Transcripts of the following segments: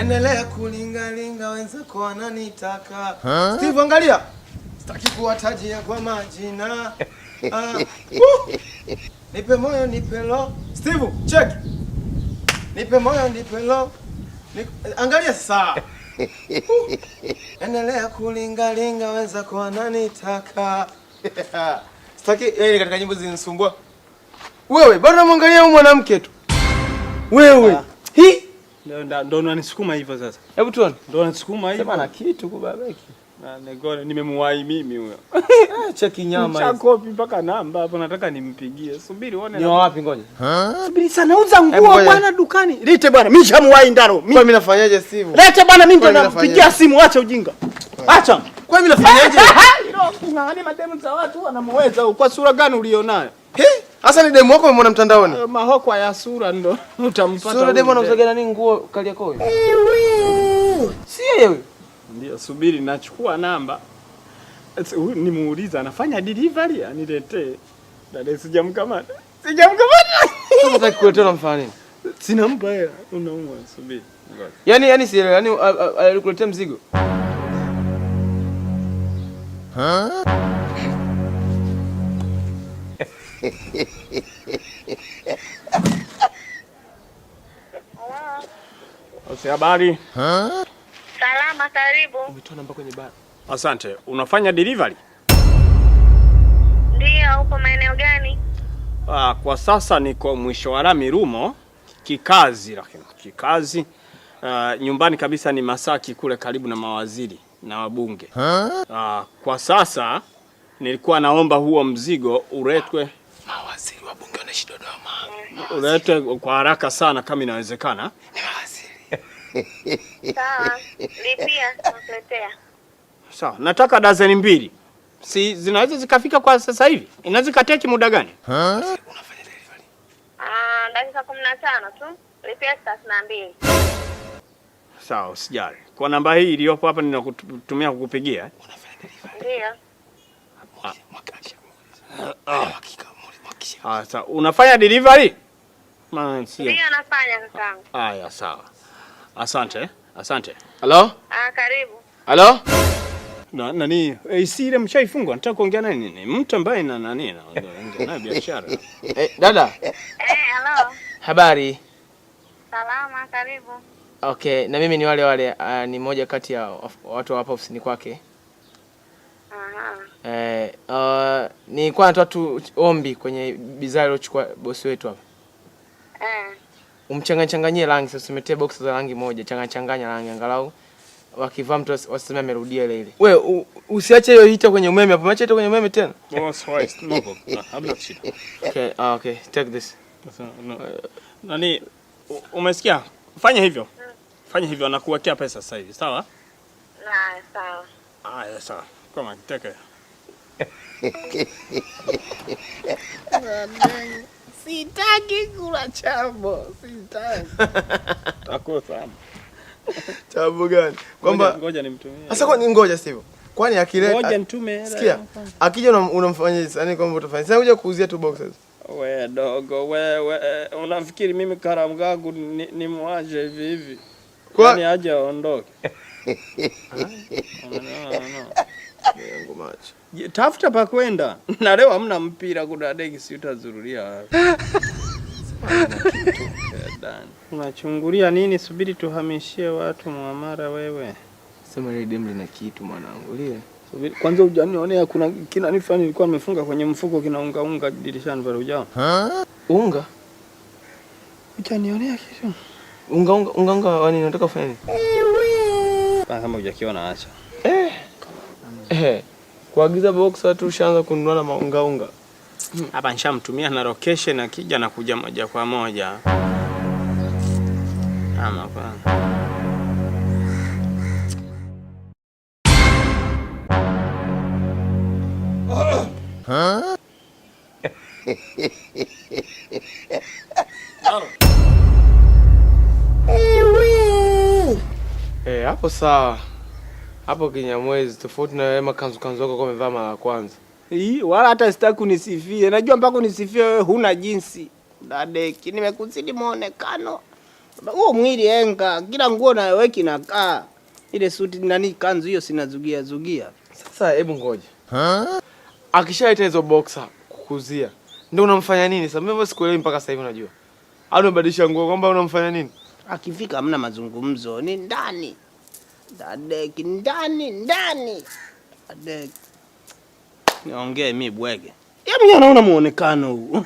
endelea kulingalinga wenzako wananitaka. Steve, angalia, sitaki kuwatajia kwa majina. Uh, nipe moyo nipe lo. Steve, check. Nipe moyo nipe lo. Nipe, angalia saa endelea kulingalinga wenzako wananitaka. Sitaki eh, katika nyimbo zinisumbua wewe, bado namwangalia huyu mwanamke tu wewe. Ah. Hi ndio unanisukuma hivyo sasa. Hebu tuone. Ndio unanisukuma hivyo. Sema na kitu kubabeki. Na negone nimemwahi mimi huyo. Eh, cheki nyama hiyo. Chakopi mpaka namba hapo nataka nimpigie. Subiri uone. Ni wapi ngoja. Subiri sana uza nguo bwana dukani. Lete bwana mimi shamwahi ndaro. Mimi mimi nafanyaje simu? Lete bwana mimi ndo nampigia simu acha ujinga. Acha. Kwa mimi nafanyaje? Ndio kungangania mademu za watu wanamweza kwa sura gani ulionayo? He? Hasa ni demu wako umemwona mtandaoni? Uh, mahokwa ya sura ndo utampata. Sura demu anauzaga nani nguo kali yako hiyo? Si yeye huyo. Ndio, subiri nachukua namba. Nimuuliza anafanya delivery aniletee. Dada sijamkamata. Sijamkamata. Unataka kuletea na mfano nini? Sina mpa hela. Unaumwa, subiri. Yaani yaani si hela, yaani alikuletea mzigo. Ha? Hello. Habari. Ha? Salama, karibu. Umetoa namba kwenye bar. Asante. Unafanya delivery? Ndio, uko maeneo gani? Ah, kwa sasa niko mwisho wa lami Rumo kikazi, lakini kikazi uh, nyumbani kabisa ni Masaki kule karibu na mawaziri na wabunge. Ha? Ah, kwa sasa nilikuwa naomba huo mzigo uretwe mawaziri wa bunge na Dodoma. Ulete kwa haraka sana kama inawezekana. Ni mawaziri. Sawa, lipia nataka dazeni mbili. Si zinaweza zikafika kwa sasa hivi? Inaweza kateki muda gani? Ha? Unafanya delivery. Ah, dakika 15 tu. Lipia 32. Sawa, usijali. Kwa namba hii iliyopo hapa ninakutumia kukupigia. Unafanya delivery. Ndio. Ah. Sasa unafanya delivery? Maana sio. Ndio nafanya kakangu. Haya sawa. Asante. Asante. Halo? Ah, karibu. Halo? Na nani? Eh, si ile mshaifungwa. Nataka kuongea naye nini? Mtu ambaye na nani naongea naye biashara. Eh, dada. Eh, hey, halo. Habari? Salama, karibu. Okay, na mimi ni wale wale, uh, ni moja kati ya watu hapa ofisini kwake. Eh, uh, ni kwa natoa tu ombi kwenye bidhaa iliyochukua bosi wetu hapa. Eh. Umchanganyanganyie rangi sasa, umetea box za rangi moja, changanyanganya rangi angalau wakivaa mtu waseme amerudia ile ile. Wewe usiache hiyo hita kwenye umeme hapo. Umeacha hita kwenye umeme tena? No, it's no problem. I'm not shit. Okay, ah, okay. Take this. No. Nani umesikia? Fanya hivyo. Fanya hivyo, nakuwekea pesa sasa hivi, sawa? Na, sawa. Ah, sawa. Come on, take it. Sitaki kula chambo, sitaki. Takosa. Chambo gani? Kwamba ngoja nimtumie. Sasa kwani ngoja sivyo? Kwani akile Ngoja nitume. Sikia. Akija unamfanyia yani kwamba utafanya. Sasa kuja kuuzia tu boxes. We dogo, wewe unafikiri mimi karamu yangu nimwaje hivi hivi? Kwani aje aondoke? Ah, no, no, no. Mungu macho. tafuta pa kwenda. Na leo hamna mpira kuna deki si utazurulia Unachungulia nini? Subiri tuhamishie watu Muamara wewe. Sema ile demu lina kitu mwanangu. Lia. Subiri kwanza ujanione kuna kina fani nilikuwa nimefunga kwenye mfuko kina unga unga dirishani pale ujao. Ha? Unga. Ujanionea kitu. Unga unga unga, unga wani nataka kufanya nini? Ah, kama hujakiona acha eh, kuagiza boxer tu ushaanza kununua na maungaunga hapa. Nishamtumia na location, akija na kuja moja kwa moja ama kwa eh, hapo sawa hapo Kinyamwezi, tofauti na wewe makanzu kanzu yako umevaa mara ya kwanza. Hii wala hata sitaki unisifie, najua mpaka unisifie wewe huna jinsi. Dadeki, nimekuzidi muonekano huo, mwili enga, kila nguo na wewe kinakaa ile suti nani kanzu hiyo sinazugia zugia. Sasa hebu ngoja huh? Akishaita hizo boxer kukuzia, ndio unamfanya nini sasa? Mimi sikuelewi mpaka sasa hivi. Unajua au unabadilisha nguo kwamba unamfanya nini? Akifika hamna mazungumzo, ni ndani Dadeki ndani ndani. Dadeki. Niongee mi bwege. Hebu anaona muonekano huu.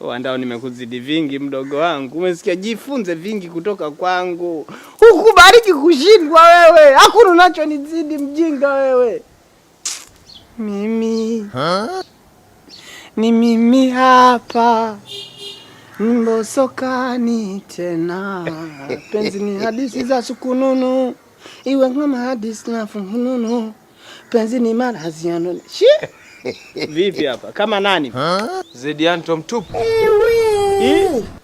Wandao, oh, nimekuzidi vingi mdogo wangu, umesikia? Jifunze vingi kutoka kwangu. Hukubariki kushindwa wewe, hakuna unachonizidi mjinga wewe. Mimi ha? ni mimi hapa. Mbo tena, penzi ni hadisi za sukununu, iwe kama hadisi na fununu, penzi ni maradhi ya nuni. Vipi hapa kama nani? Zedianto mtupu.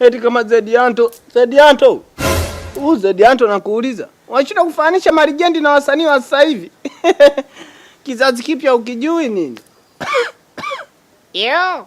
Eti kama Zedianto, Zedianto. Huu Zedianto nakuuliza. Wanashinda kufanisha marijendi na wasanii wa sasa hivi. Kizazi kipya ukijui nini? Yo.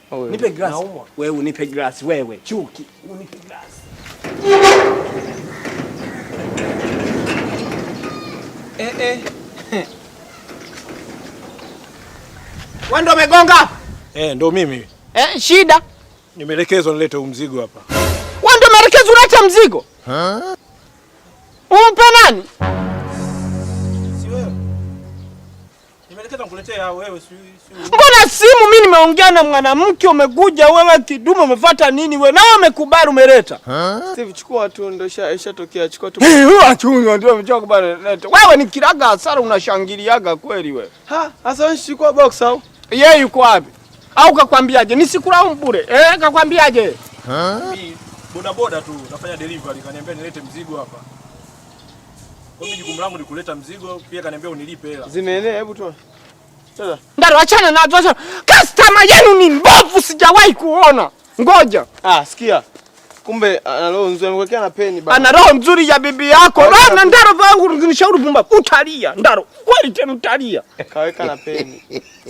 Oh, nipe glass. Naumwa. Wewe unipe glass wewe. Chuki. Unipe glass. Eh eh. Wewe ndo umegonga? Eh, ndo mimi. Eh, shida. Nimeelekezwa nilete mzigo hapa. Wewe ndo umeelekezwa unaleta mzigo? Ha? Umpe nani? Mbona simu mimi nimeongea na mwanamke, umeguja wewe kidume, umefuata nini wewe? Na wewe umekubali umeleta. Steve, chukua tu ndio ishatokea, chukua tu. Eh, Wewe ni kiraga hasara, unashangiliaga kweli wewe. Ha, sasa wewe chukua box au? Yeye yuko wapi? Au kakwambiaje? Nisikulaumu bure. Eh, kakwambiaje? Ha? Boda boda tu nafanya delivery, kaniambia nilete mzigo hapa. Kwa mimi jukumu langu ni kuleta mzigo, pia kaniambia unilipe hela. Zimeelewa, hebu toa. Eh. Ndaro, achana na nazo, achana. Customer yenu ni mbovu, sijawahi kuona. Ngoja. Ah, sikia. Kumbe ah, ana roho nzuri, amekuwekea na peni baba. Ana roho nzuri ya bibi yako. Roho na Ndaro zangu nishauri pumba. Utalia, Ndaro. Kweli tena utalia. Kaweka na peni.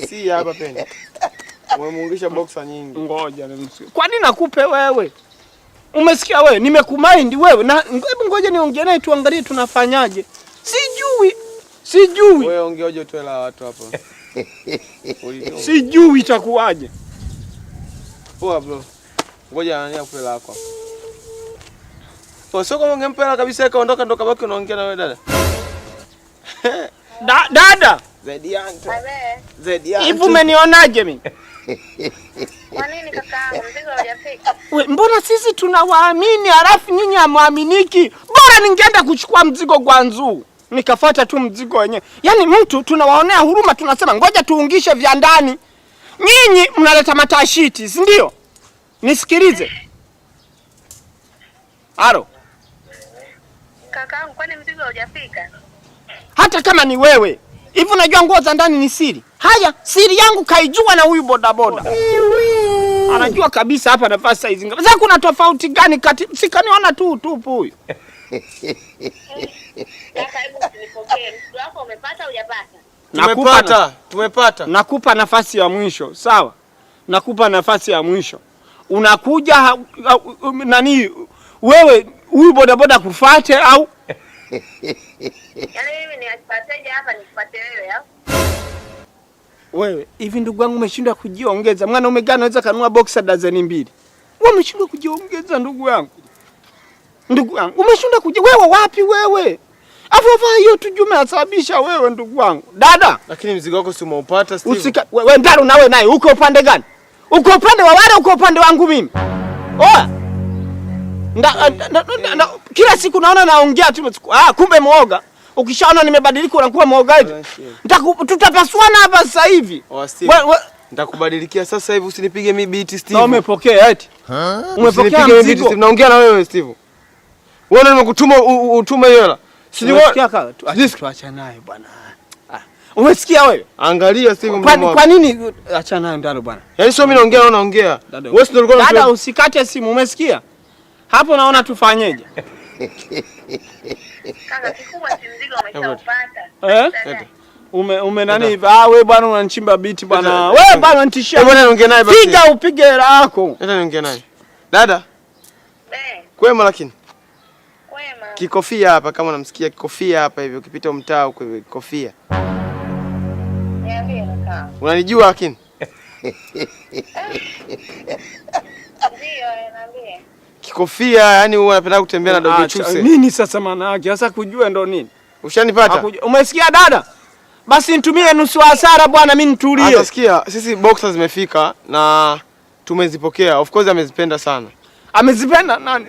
Si hapa peni. Umemungisha boxer nyingi. Ngoja nimsikie. Kwa nini nakupe wewe? Umesikia wewe? Nimekumind wewe. Na hebu ngoja niongee naye tuangalie tunafanyaje. Sijui. Sijui. Wewe ongeaje utoe la watu hapo sijui itakuwaje. Poa bro, oh, Sio kama ungempa hela kabisa ikaondoka, ndo kabaki unaongea na wewe dada. Da, dada hivi umenionaje mimi? Mbona sisi tunawaamini halafu nyinyi hamwaminiki? Bora ningeenda kuchukua mzigo kwa Nzuu nikafata tu mzigo wenyewe. Yaani mtu tunawaonea huruma, tunasema ngoja tuungishe vya ndani. Nyinyi mnaleta matashiti, si ndio? Nisikilize. Halo. Kakaangu, kwani mzigo haujafika? Hata kama ni wewe hivi, unajua nguo za ndani ni siri. Haya, siri yangu kaijua na huyu bodaboda anajua kabisa hapa nafasi saizi. Sasa kuna tofauti gani kati? Sikaniona tu utupu huyu Tumepata, tumepata. Nakupa nafasi ya mwisho sawa, nakupa nafasi ya mwisho. Unakuja nani wewe, huyu bodaboda kufuate au wewe? Hivi ndugu wangu, umeshindwa kujiongeza? Mwanaume gani anaweza kanua boxer dazeni mbili? Wewe umeshindwa kujiongeza ndugu yangu ndugu yangu, umeshinda kuja wewe wapi wewe? Afu vaa hiyo tu Juma yasababisha wewe ndugu wangu. Dada, lakini mzigo wako si umeupata Steve. Usika wewe ndaro nawe naye uko upande gani? Uko upande wa wale uko upande wangu mimi. Oa. Nda, nda, nda, nda, kila siku naona naongea tu ah, kumbe muoga. Ukishaona nimebadilika unakuwa muoga oh, hivi. Tutapasuana hapa sasa hivi. Oh, Nitakubadilikia sasa hivi usinipige mimi beat Steve. Na umepokea eti? Umepokea mzigo. Naongea na wewe Steve. Wewe nimekutuma utume hela. Tuacha naye bwana. Ah, umesikia wewe? Angalia simu. Kwa nini acha naye ndalo bwana? Yaani sio mimi naongea wewe unaongea. Wewe ndio ulikuwa unaongea. Dada usikate simu, umesikia? Hapo naona tufanyeje? Kaka kikubwa si mzigo umeshaupata. Eh? Ume ume nani? Ah, wewe bwana unanichimba biti bwana. Wewe bwana unanitishia. Wewe bwana ongea naye basi. Piga upige hela yako. Hata niongea naye. Dada. Eh. Kwema lakini mama. Kikofia hapa kama unamsikia kikofia hapa hivi ukipita mtaa huko hivi kikofia. Niambie Unanijua lakini? Ndio, niambie. Kikofia yani wewe unapenda kutembea na ah, dogo chuse. Nini sasa maana yake? Sasa kujua ndo nini? Ushanipata? Umesikia dada? Basi nitumie nusu hasara bwana, mimi nitulie. Utasikia sisi boxers zimefika na tumezipokea. Of course amezipenda sana. Amezipenda nani?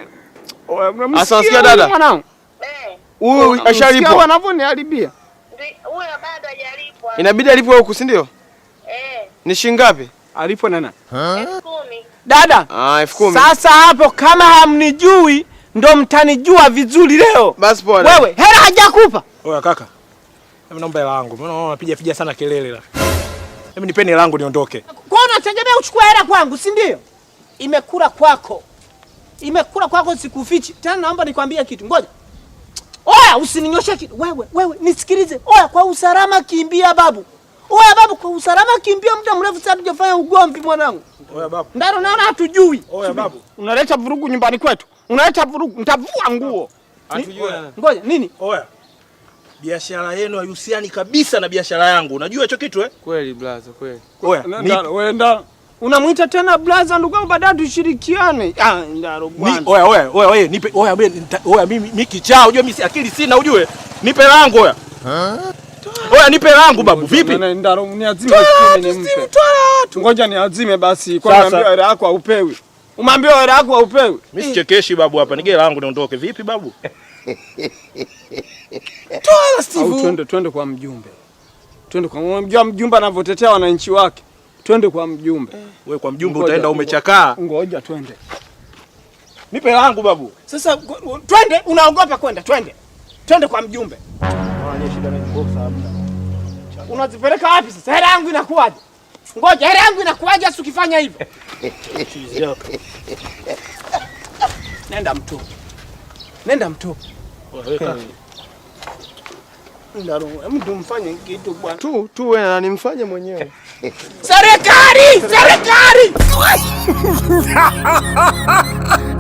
Unamsikia oh, eh, dada eh. Huyo bado hajalipwa. Inabidi alipwe huku si ndio? Eh. Ni shilingi ngapi? Alipwa Dada. Ah, elfu kumi. Sasa hapo kama hamnijui ndo mtanijua vizuri leo. Basi poa. Wewe hela hajakupa. Oya kaka. naomba hela yangu. Mbona unapiga piga sana kelele la? nipeni hela yangu niondoke. Kwa unategemea uchukue hela kwangu si ndio? Imekula kwako imekula kwako, sikufichi tena. Naomba nikwambie kitu, ngoja. Oya, usininyoshe kitu wewe, wewe nisikilize. Oya, kwa usalama kimbia babu. Oya babu, kwa usalama kimbia, muda mrefu sasa tujafanya ugomvi mwanangu. Oya babu, ndio naona hatujui. Oya babu, unaleta vurugu nyumbani kwetu, unaleta vurugu, nitavua nguo. Hatujui ngoja nini. Oya, biashara yenu haihusiani kabisa na biashara yangu, unajua hicho kitu eh? Kweli blaza, kweli. Oya, wenda. Unamwita tena blaza ndugu yangu, baadaye tushirikiane. Ah, ndaro bwana. Oya oya oya oya nipe oya mimi oya mimi mimi kichaa, unajua mimi akili sina, ujue. Nipe langu oya. Ha? Oya nipe langu babu, vipi? Na Ndaro ni azime kwenye nimpe. Tungoja ni azime basi, kwa niambia hela yako haupewi. Umeambiwa hela yako haupewi. Mimi sichekeshi babu hapa, nige langu niondoke. Vipi babu? Toa Steve. Twende twende kwa mjumbe. Twende kwa mjumbe anavyotetea wananchi wake twende kwa mjumbe. Eh. Wewe kwa mjumbe utaenda umechakaa. Ngoja twende. Nipe langu babu. Sasa twende, unaogopa kwenda? Twende, twende kwa mjumbe. Unazipeleka wapi sasa? Hela yangu inakuwaje? Ngoja, hela yangu inakuwaje hasa ukifanya hivyo? Nenda mtu, nenda mtu, eh. mtu mfanye kitu bwana tu tu, wewe nanimfanye mwenyewe Serikali, serikali